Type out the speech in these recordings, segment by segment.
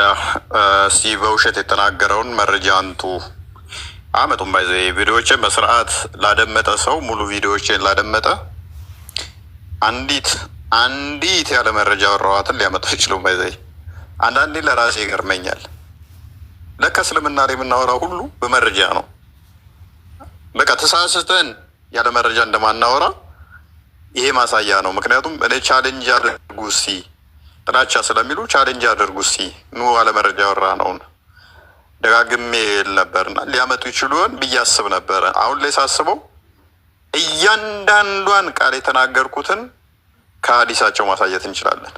እስቲ በውሸት የተናገረውን መረጃ አንቱ አመቱም ባይዘ ቪዲዮዎችን በስርዓት ላደመጠ ሰው ሙሉ ቪዲዮዎችን ላደመጠ አንዲት አንዲት ያለ መረጃ ወረዋትን ሊያመጡ አይችሉም። ባይዘ አንዳንዴ ለራሴ ይገርመኛል። ለካ እስልምና ላይ የምናወራው ሁሉ በመረጃ ነው። በቃ ተሳስተን ያለ መረጃ እንደማናወራ ይሄ ማሳያ ነው። ምክንያቱም እኔ ቻሌንጅ አድርጉ እስቲ ጥላቻ ስለሚሉ ቻሌንጅ አድርጉ እስኪ ኑ አለመረጃ ወራ ነውን ደጋግሜ ል ነበርና ሊያመጡ ይችሉን ብዬ አስብ ነበረ። አሁን ላይ ሳስበው እያንዳንዷን ቃል የተናገርኩትን ከሀዲሳቸው ማሳየት እንችላለን።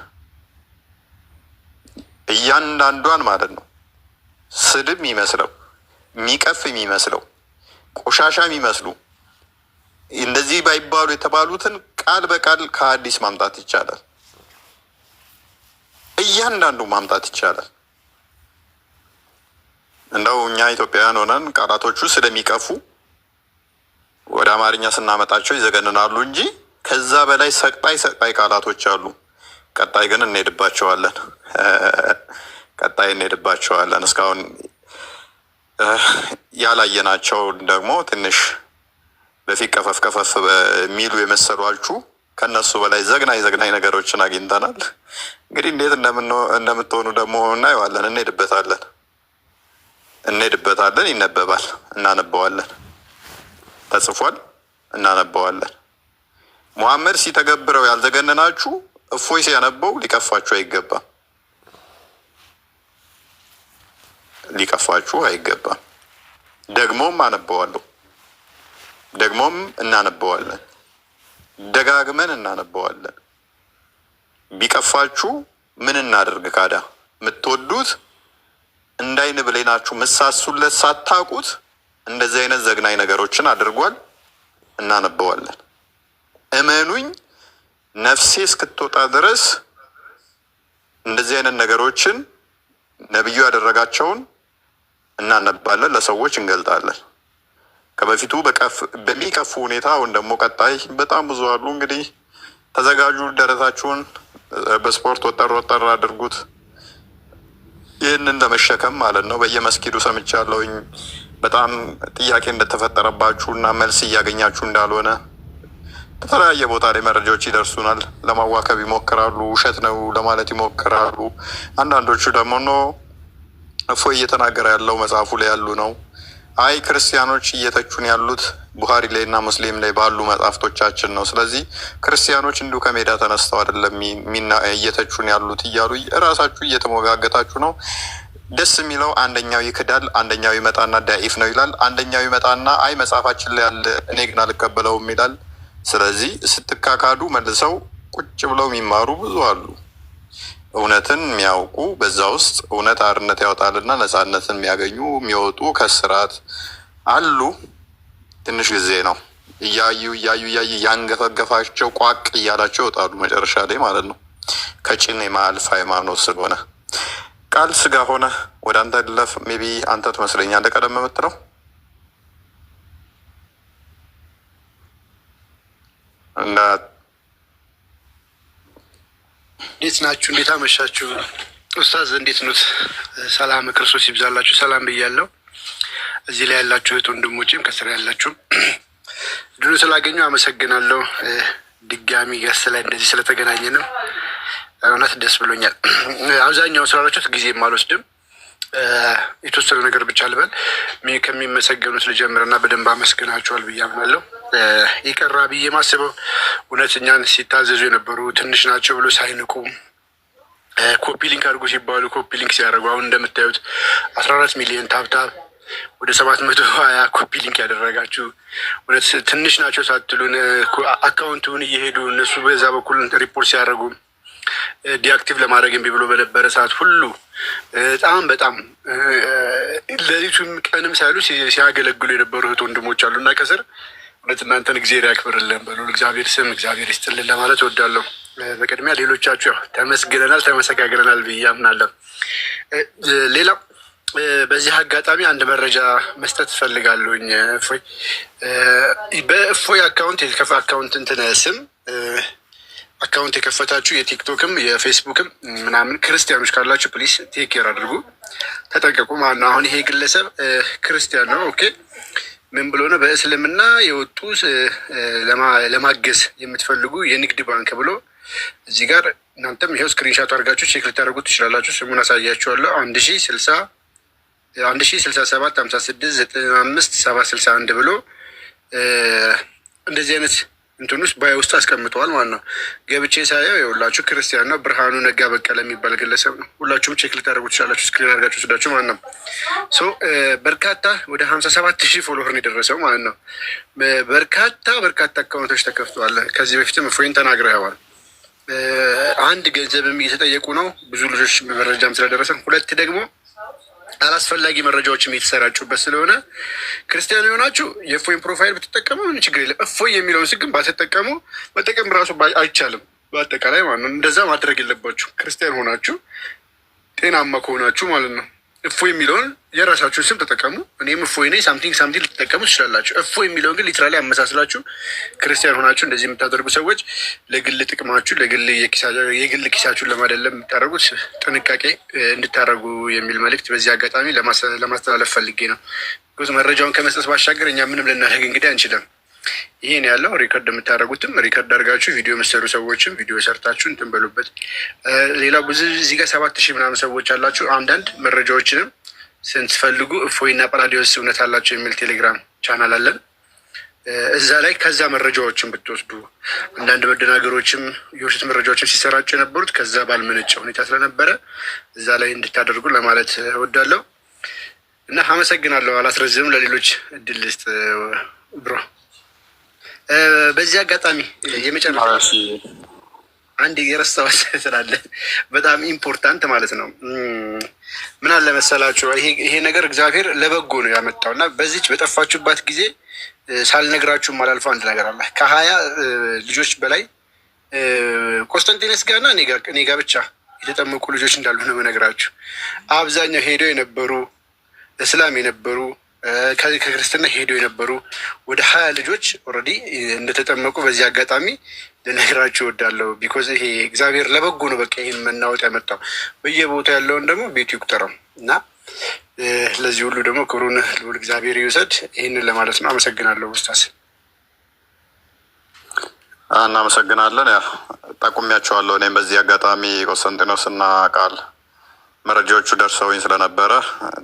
እያንዳንዷን ማለት ነው። ስድብ የሚመስለው የሚቀፍ የሚመስለው ቆሻሻ የሚመስሉ እንደዚህ ባይባሉ የተባሉትን ቃል በቃል ከሀዲስ ማምጣት ይቻላል። እያንዳንዱ ማምጣት ይቻላል። እንደው እኛ ኢትዮጵያውያን ሆነን ቃላቶቹ ስለሚቀፉ ወደ አማርኛ ስናመጣቸው ይዘገንናሉ እንጂ ከዛ በላይ ሰቅጣይ ሰቅጣይ ቃላቶች አሉ። ቀጣይ ግን እንሄድባቸዋለን። ቀጣይ እንሄድባቸዋለን። እስካሁን ያላየናቸው ደግሞ ትንሽ በፊት ቀፈፍ ቀፈፍ የሚሉ የመሰሏችሁ ከነሱ በላይ ዘግናኝ ዘግናኝ ነገሮችን አግኝተናል። እንግዲህ እንዴት እንደምትሆኑ ደግሞ እናየዋለን። እንሄድበታለን እንሄድበታለን። ይነበባል፣ እናነበዋለን። ተጽፏል፣ እናነበዋለን። ሙሐመድ ሲተገብረው ያልዘገነናችሁ እፎይ ሲያነበው ሊቀፋችሁ አይገባም፣ ሊቀፋችሁ አይገባም። ደግሞም አነበዋለሁ፣ ደግሞም እናነበዋለን፣ ደጋግመን እናነበዋለን። ቢቀፋችሁ ምን እናደርግ ካዳ የምትወዱት እንዳይን ብሌናችሁ ምሳሱለት ሳታውቁት እንደዚህ አይነት ዘግናኝ ነገሮችን አድርጓል። እናነበዋለን። እመኑኝ ነፍሴ እስክትወጣ ድረስ እንደዚህ አይነት ነገሮችን ነቢዩ ያደረጋቸውን እናነባለን፣ ለሰዎች እንገልጣለን። ከበፊቱ በሚቀፉ ሁኔታ አሁን ደግሞ ቀጣይ በጣም ብዙ አሉ። እንግዲህ ተዘጋጁ፣ ደረታችሁን በስፖርት ወጠር ወጠር አድርጉት። ይህንን ለመሸከም ማለት ነው። በየመስጊዱ ሰምቻለሁኝ በጣም ጥያቄ እንደተፈጠረባችሁ እና መልስ እያገኛችሁ እንዳልሆነ በተለያየ ቦታ ላይ መረጃዎች ይደርሱናል። ለማዋከብ ይሞክራሉ፣ ውሸት ነው ለማለት ይሞክራሉ። አንዳንዶቹ ደግሞ ኖ እፎይ እየተናገረ ያለው መጽሐፉ ላይ ያሉ ነው አይ ክርስቲያኖች እየተቹን ያሉት ቡሃሪ ላይ እና ሙስሊም ላይ ባሉ መጽሐፍቶቻችን ነው። ስለዚህ ክርስቲያኖች እንዲሁ ከሜዳ ተነስተው አይደለም እየተቹን ያሉት እያሉ እራሳችሁ እየተሞጋገታችሁ ነው። ደስ የሚለው አንደኛው ይክዳል፣ አንደኛው ይመጣና ዳኢፍ ነው ይላል። አንደኛው ይመጣና አይ መጽሐፋችን ላይ ያለ እኔ ግን አልቀበለውም ይላል። ስለዚህ ስትካካዱ መልሰው ቁጭ ብለው የሚማሩ ብዙ አሉ። እውነትን የሚያውቁ በዛ ውስጥ እውነት አርነት ያወጣልና ነፃነትን የሚያገኙ የሚወጡ ከስርዓት አሉ። ትንሽ ጊዜ ነው እያዩ እያዩ እያዩ ያንገፈገፋቸው ቋቅ እያላቸው ይወጣሉ። መጨረሻ ላይ ማለት ነው ከጭን የማያልፍ ሃይማኖት ስለሆነ ቃል ስጋ ሆነ ወደ አንተ ልለፍ። ሜቢ አንተ ትመስለኛለህ ቀደም የምትለው እና እንዴት ናችሁ? እንዴት አመሻችሁ? ኡስታዝ እንዴት ኑት? ሰላም ክርስቶስ ይብዛላችሁ። ሰላም ብያለሁ። እዚህ ላይ ያላችሁ እህት ወንድሞቼም ከስራ ያላችሁም ድኑ ስላገኙ አመሰግናለሁ። ድጋሚ ገስ ላይ እንደዚህ ስለተገናኘ ነው እውነት ደስ ብሎኛል። አብዛኛውን ስላላችሁት ጊዜም አልወስድም። የተወሰነ ነገር ብቻ ልበል። ከሚመሰገኑት ልጀምርና በደንብ አመስግናችኋል ብዬ አምናለሁ። ይቀራ ብዬ ማስበው እውነት እኛን ሲታዘዙ የነበሩ ትንሽ ናቸው ብሎ ሳይንቁ ኮፒ ሊንክ አድርጉ ሲባሉ ኮፒ ሊንክ ሲያደርጉ አሁን እንደምታዩት አስራ አራት ሚሊዮን ታብታብ ወደ ሰባት መቶ ሀያ ኮፒ ሊንክ ያደረጋችሁ እውነት ትንሽ ናቸው ሳትሉን አካውንቱን እየሄዱ እነሱ በዛ በኩል ሪፖርት ሲያደርጉ ዲአክቲቭ ለማድረግ እምቢ ብሎ በነበረ ሰዓት ሁሉ በጣም በጣም ሌሊቱም ቀንም ሳይሉ ሲያገለግሉ የነበሩ እህት ወንድሞች አሉ እና ከስር እውነት እናንተን እግዚአብሔር ያክብርልን በሉ። እግዚአብሔር ስም እግዚአብሔር ይስጥልን ለማለት እወዳለሁ። በቅድሚያ ሌሎቻችሁ ያው ተመስግነናል፣ ተመሰጋግነናል ብዬ አምናለሁ። ሌላ በዚህ አጋጣሚ አንድ መረጃ መስጠት እፈልጋለሁኝ። እፎይ በእፎይ አካውንት የተከፈ አካውንት እንትን ስም አካውንት የከፈታችሁ የቲክቶክም የፌስቡክም ምናምን ክርስቲያኖች ካላችሁ ፕሊስ ቴክ ኬር አድርጉ፣ ተጠንቀቁ ማለት ነው። አሁን ይሄ ግለሰብ ክርስቲያን ነው ኦኬ ምን ብሎ ነው? በእስልምና የወጡ ለማገዝ የምትፈልጉ የንግድ ባንክ ብሎ እዚህ ጋር እናንተም ይኸው ስክሪንሻቱ አድርጋችሁ ቼክ ልታደርጉት ትችላላችሁ። ስሙን አሳያችኋለሁ። አንድ ሺ ስልሳ አንድ ሺ ስልሳ ሰባት ሀምሳ ስድስት ዘጠና አምስት ሰባ ስልሳ አንድ ብሎ እንደዚህ አይነት እንትን ውስጥ ባይ ውስጥ አስቀምጠዋል ማለት ነው። ገብቼ ሳየው የሁላችሁ ክርስቲያን ነው። ብርሃኑ ነጋ በቀለ የሚባል ግለሰብ ነው። ሁላችሁም ቼክ ልታደርጉ ትችላላችሁ። ስክሪን አድርጋችሁ ስዳችሁ ማለት ነው። ሶ በርካታ ወደ ሀምሳ ሰባት ሺህ ፎሎወርን የደረሰው ማለት ነው። በርካታ በርካታ አካውንቶች ተከፍተዋል። ከዚህ በፊትም እፎይን ተናግረዋል። አንድ ገንዘብም እየተጠየቁ ነው ብዙ ልጆች መረጃም ስለደረሰ ሁለት ደግሞ አላስፈላጊ መረጃዎች የተሰራጩበት ስለሆነ ክርስቲያን የሆናችሁ የእፎይን ፕሮፋይል ብትጠቀሙ ምን ችግር የለም። እፎይ የሚለውን ስግን ባትጠቀሙ መጠቀም ራሱ አይቻልም። በአጠቃላይ ማለት ነው። እንደዛ ማድረግ የለባችሁ ክርስቲያን ሆናችሁ ጤናማ ከሆናችሁ ማለት ነው። እፎ የሚለውን የራሳችሁን ስም ተጠቀሙ። እኔም እፎይ ነኝ ሳምቲንግ ሳምቲንግ ልትጠቀሙ ትችላላችሁ። እፎ የሚለውን ግን ሊትራሊ አመሳስላችሁ ክርስቲያን ሆናችሁ እንደዚህ የምታደርጉ ሰዎች ለግል ጥቅማችሁ፣ ለግል የግል ኪሳችሁን ለማደለም የምታደርጉት ጥንቃቄ እንድታደረጉ የሚል መልእክት በዚህ አጋጣሚ ለማስተላለፍ ፈልጌ ነው። መረጃውን ከመስጠት ባሻገር እኛ ምንም ልናደርግ እንግዲህ አንችልም። ይህን ያለው ሪከርድ የምታደርጉትም ሪከርድ አድርጋችሁ ቪዲዮ የምትሰሩ ሰዎችም ቪዲዮ ሰርታችሁ እንትን በሉበት። ሌላ ብዙ እዚህ ጋር ሰባት ሺህ ምናምን ሰዎች አላችሁ። አንዳንድ መረጃዎችንም ስንትፈልጉ እፎይና ጳላዲዮስ እውነት አላቸው የሚል ቴሌግራም ቻናል አለን። እዛ ላይ ከዛ መረጃዎችን ብትወስዱ አንዳንድ መደናገሮችም የውሸት መረጃዎችም ሲሰራጩ የነበሩት ከዛ ባልመነጨ ሁኔታ ስለነበረ እዛ ላይ እንድታደርጉ ለማለት እወዳለሁ እና አመሰግናለሁ። አላስረዝም። ለሌሎች እድል ልስጥ ብሮ በዚህ አጋጣሚ የመጨረሻ አንድ የረሳዎች ስላለ በጣም ኢምፖርታንት ማለት ነው። ምን አለ መሰላችሁ ይሄ ነገር እግዚአብሔር ለበጎ ነው ያመጣው እና በዚች በጠፋችሁባት ጊዜ ሳልነግራችሁም አላልፈው አንድ ነገር አለ። ከሀያ ልጆች በላይ ኮንስታንቲነስ ጋርና እኔ ጋ ብቻ የተጠመቁ ልጆች እንዳሉ ነው የምነግራችሁ። አብዛኛው ሄደው የነበሩ እስላም የነበሩ ከክርስትና ሄደው የነበሩ ወደ ሀያ ልጆች ኦልሬዲ እንደተጠመቁ በዚህ አጋጣሚ ልነግራችሁ እወዳለሁ። ቢኮዝ ይሄ እግዚአብሔር ለበጎ ነው። በቃ ይህን መናወጥ ያመጣው በየቦታ ያለውን ደግሞ ቤቱ ይቁጠረው እና ለዚህ ሁሉ ደግሞ ክብሩን ልዑል እግዚአብሔር ይውሰድ። ይህንን ለማለት ነው። አመሰግናለሁ ውስታስ እናመሰግናለን። ጠቁሚያቸዋለሁ እኔም በዚህ አጋጣሚ ቆስጠንጢኖስ እና ቃል መረጃዎቹ ደርሰውኝ ስለነበረ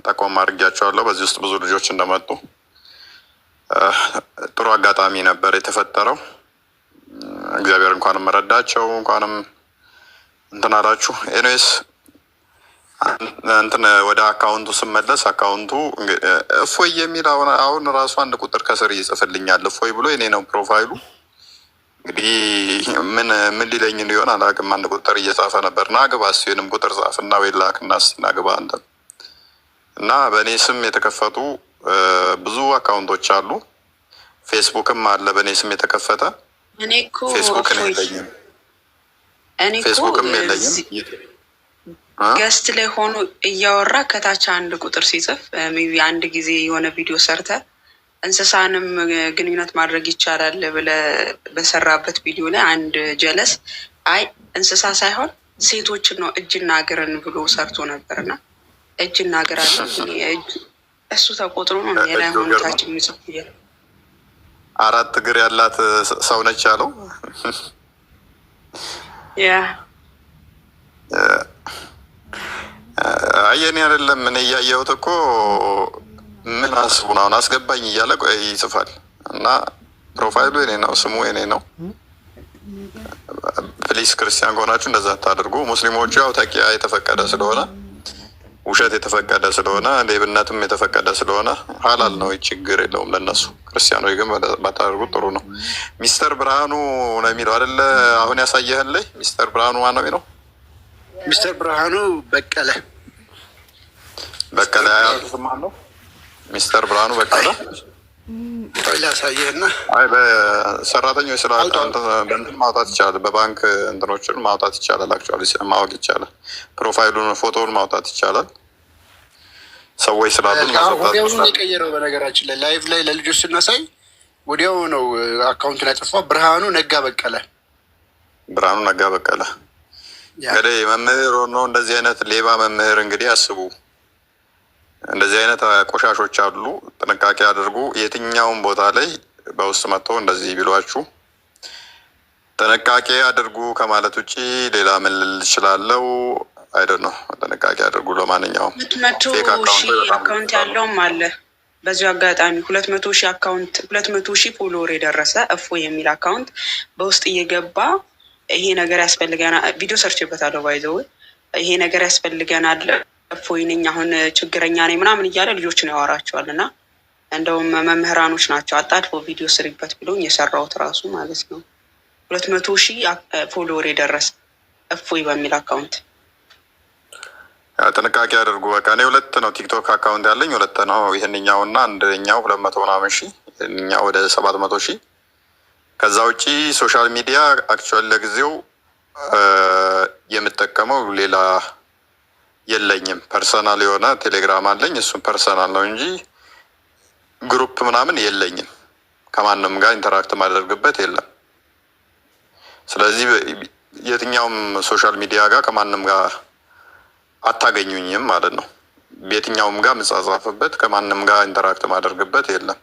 ጠቆም አድርጊያቸዋለሁ። በዚህ ውስጥ ብዙ ልጆች እንደመጡ ጥሩ አጋጣሚ ነበር የተፈጠረው። እግዚአብሔር እንኳንም ረዳቸው፣ እንኳንም እንትን አላችሁ። ኤኒዌይስ እንትን ወደ አካውንቱ ስመለስ አካውንቱ እፎይ የሚል አሁን ራሱ አንድ ቁጥር ከስር ይጽፍልኛል። እፎይ ብሎ የኔ ነው ፕሮፋይሉ እንግዲህ ምን ምን ሊለኝ እንዲሆን አላውቅም። አንድ ቁጥር እየጻፈ ነበር ና ግባ ሲሆንም ቁጥር ጻፍና ወይ ላክና ስና ግባ አንተ እና በእኔ ስም የተከፈቱ ብዙ አካውንቶች አሉ። ፌስቡክም አለ በእኔ ስም የተከፈተ ፌስቡክን የለኝም፣ ፌስቡክም የለኝም። ገስት ላይ ሆኖ እያወራ ከታች አንድ ቁጥር ሲጽፍ ቢ አንድ ጊዜ የሆነ ቪዲዮ ሰርተ እንስሳንም ግንኙነት ማድረግ ይቻላል ብለ በሰራበት ቪዲዮ ላይ አንድ ጀለስ አይ እንስሳ ሳይሆን ሴቶችን ነው እጅና እግርን ብሎ ሰርቶ ነበርና እጅና እግር አለ እሱ ተቆጥሮ ነው የላይ ሆኖታችን የሚጽፉ አራት እግር ያላት ሰው ነች አለው። አየኔ አይደለም እኔ እያየሁት እኮ ምን አስቡን አሁን አስገባኝ እያለ ይጽፋል እና ፕሮፋይሉ የኔ ነው፣ ስሙ የኔ ነው። ፕሊስ ክርስቲያን ከሆናችሁ እንደዛ ታደርጉ። ሙስሊሞቹ ያው ተቂያ የተፈቀደ ስለሆነ ውሸት የተፈቀደ ስለሆነ ሌብነትም የተፈቀደ ስለሆነ ሀላል ነው፣ ችግር የለውም ለነሱ። ክርስቲያኖች ግን ባታደርጉ ጥሩ ነው። ሚስተር ብርሃኑ ነው የሚለው አደለ? አሁን ያሳየህን ላይ ሚስተር ብርሃኑ ማነው ነው? ሚስተር ብርሃኑ በቀለ በቀለ ያሉ ስም አለው ሚስተር ብርሃኑ በቃ ላሳየህና ስራ ማውጣት ይቻላል። በባንክ እንትኖችን ማውጣት ይቻላል። አክቹዋሊ ማወቅ ይቻላል። ፕሮፋይሉን ፎቶውን ማውጣት ይቻላል። ሰዎች ስላሉ የቀየረው በነገራችን ላይ ላይቭ ላይ ለልጆች ስናሳይ ወዲያው ነው አካውንቱን ያጠፋ። ብርሃኑ ነጋ በቀለ፣ ብርሃኑ ነጋ በቀለ ገደ መምህር ነው። እንደዚህ አይነት ሌባ መምህር እንግዲህ አስቡ። እንደዚህ አይነት ቆሻሾች አሉ። ጥንቃቄ አድርጉ። የትኛውን ቦታ ላይ በውስጥ መጥተው እንደዚህ ቢሏችሁ ጥንቃቄ አድርጉ ከማለት ውጭ ሌላ ምን ልል እችላለሁ? አይደ ነው። ጥንቃቄ አድርጉ። ለማንኛውም መቶ ሺህ አካውንት ያለውም አለ። በዚሁ አጋጣሚ ሁለት መቶ ሺህ አካውንት ሁለት መቶ ሺህ ፎሎወር የደረሰ እፎ የሚል አካውንት በውስጥ እየገባ ይሄ ነገር ያስፈልገና ቪዲዮ ሰርችበታለሁ ባይዘው ይሄ ነገር ያስፈልገናል እፎይ ነኝ አሁን ችግረኛ ነኝ ምናምን እያለ ልጆችን ያወራቸዋል። እና እንደውም መምህራኖች ናቸው አጣድፎ ቪዲዮ ስሪበት ብሎኝ የሰራሁት ራሱ ማለት ነው። ሁለት መቶ ሺህ ፎሎወር የደረሰ እፎይ በሚል አካውንት ጥንቃቄ አድርጉ። በቃ እኔ ሁለት ነው ቲክቶክ አካውንት ያለኝ ሁለት ነው። ይህንኛው እና አንደኛው ሁለት መቶ ምናምን ሺ እኛ ወደ ሰባት መቶ ሺ ከዛ ውጪ ሶሻል ሚዲያ አክቹዋሊ ለጊዜው የምጠቀመው ሌላ የለኝም። ፐርሰናል የሆነ ቴሌግራም አለኝ፣ እሱም ፐርሰናል ነው እንጂ ግሩፕ ምናምን የለኝም። ከማንም ጋር ኢንተራክት ማደርግበት የለም። ስለዚህ የትኛውም ሶሻል ሚዲያ ጋር ከማንም ጋር አታገኙኝም ማለት ነው። የትኛውም ጋር ምጻጻፍበት ከማንም ጋር ኢንተራክት ማደርግበት የለም።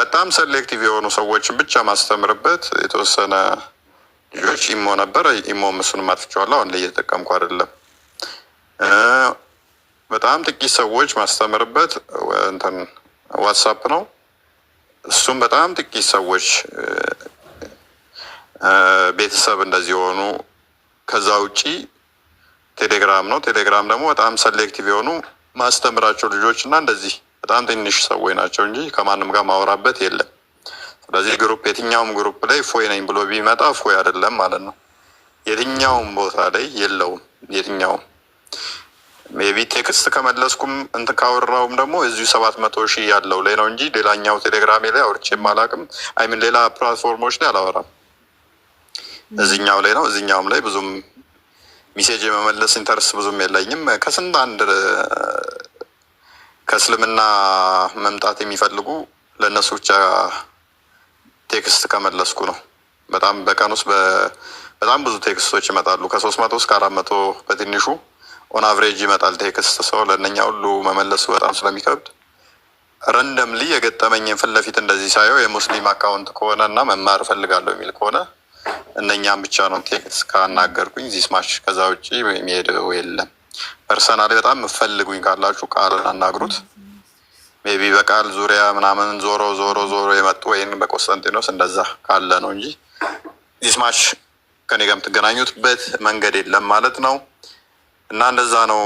በጣም ሰሌክቲቭ የሆኑ ሰዎችን ብቻ ማስተምርበት የተወሰነ ልጆች ኢሞ ነበረ። ኢሞ እሱንም አጥፍቼዋለሁ። አሁን ላይ እየተጠቀምኩ አይደለም። በጣም ጥቂት ሰዎች ማስተምርበት እንትን ዋትሳፕ ነው። እሱም በጣም ጥቂት ሰዎች ቤተሰብ እንደዚህ የሆኑ ከዛ ውጪ ቴሌግራም ነው። ቴሌግራም ደግሞ በጣም ሰሌክቲቭ የሆኑ ማስተምራቸው ልጆች እና እንደዚህ በጣም ትንሽ ሰዎች ናቸው እንጂ ከማንም ጋር ማውራበት የለም። ስለዚህ ግሩፕ የትኛውም ግሩፕ ላይ ፎይ ነኝ ብሎ ቢመጣ ፎይ አይደለም ማለት ነው። የትኛውም ቦታ ላይ የለውም የትኛውም ሜቢ ቴክስት ከመለስኩም እንትን ካወራውም ደግሞ እዚሁ ሰባት መቶ ሺህ ያለው ላይ ነው እንጂ ሌላኛው ቴሌግራሜ ላይ አውርቼም አላውቅም። አይምን ሌላ ፕላትፎርሞች ላይ አላወራም። እዚኛው ላይ ነው። እዚኛውም ላይ ብዙም ሚሴጅ የመመለስ ኢንተርስ ብዙም የለኝም። ከስንት አንድ ከእስልምና መምጣት የሚፈልጉ ለእነሱ ብቻ ቴክስት ከመለስኩ ነው። በጣም በቀን ውስጥ በጣም ብዙ ቴክስቶች ይመጣሉ ከሶስት መቶ እስከ አራት መቶ በትንሹ ኦን አቨሬጅ ይመጣል ቴክስት ሰው ለእነኛ ሁሉ መመለሱ በጣም ስለሚከብድ ረንደምሊ የገጠመኝን ፊት ለፊት እንደዚህ ሳየው የሙስሊም አካውንት ከሆነ እና መማር እፈልጋለሁ የሚል ከሆነ እነኛም ብቻ ነው ቴክስ ካናገርኩኝ ዚስ ከዛ ውጭ የሚሄድ የለም። ፐርሰናል በጣም የምፈልጉኝ ካላችሁ ቃል አናግሩት። ቢ በቃል ዙሪያ ምናምን ዞሮ ዞሮ ዞሮ የመጡ ወይም በቆስጠንጢኖስ እንደዛ ካለ ነው እንጂ ዚስ ከኔ ጋር የምትገናኙትበት መንገድ የለም ማለት ነው። እና እንደዛ ነው።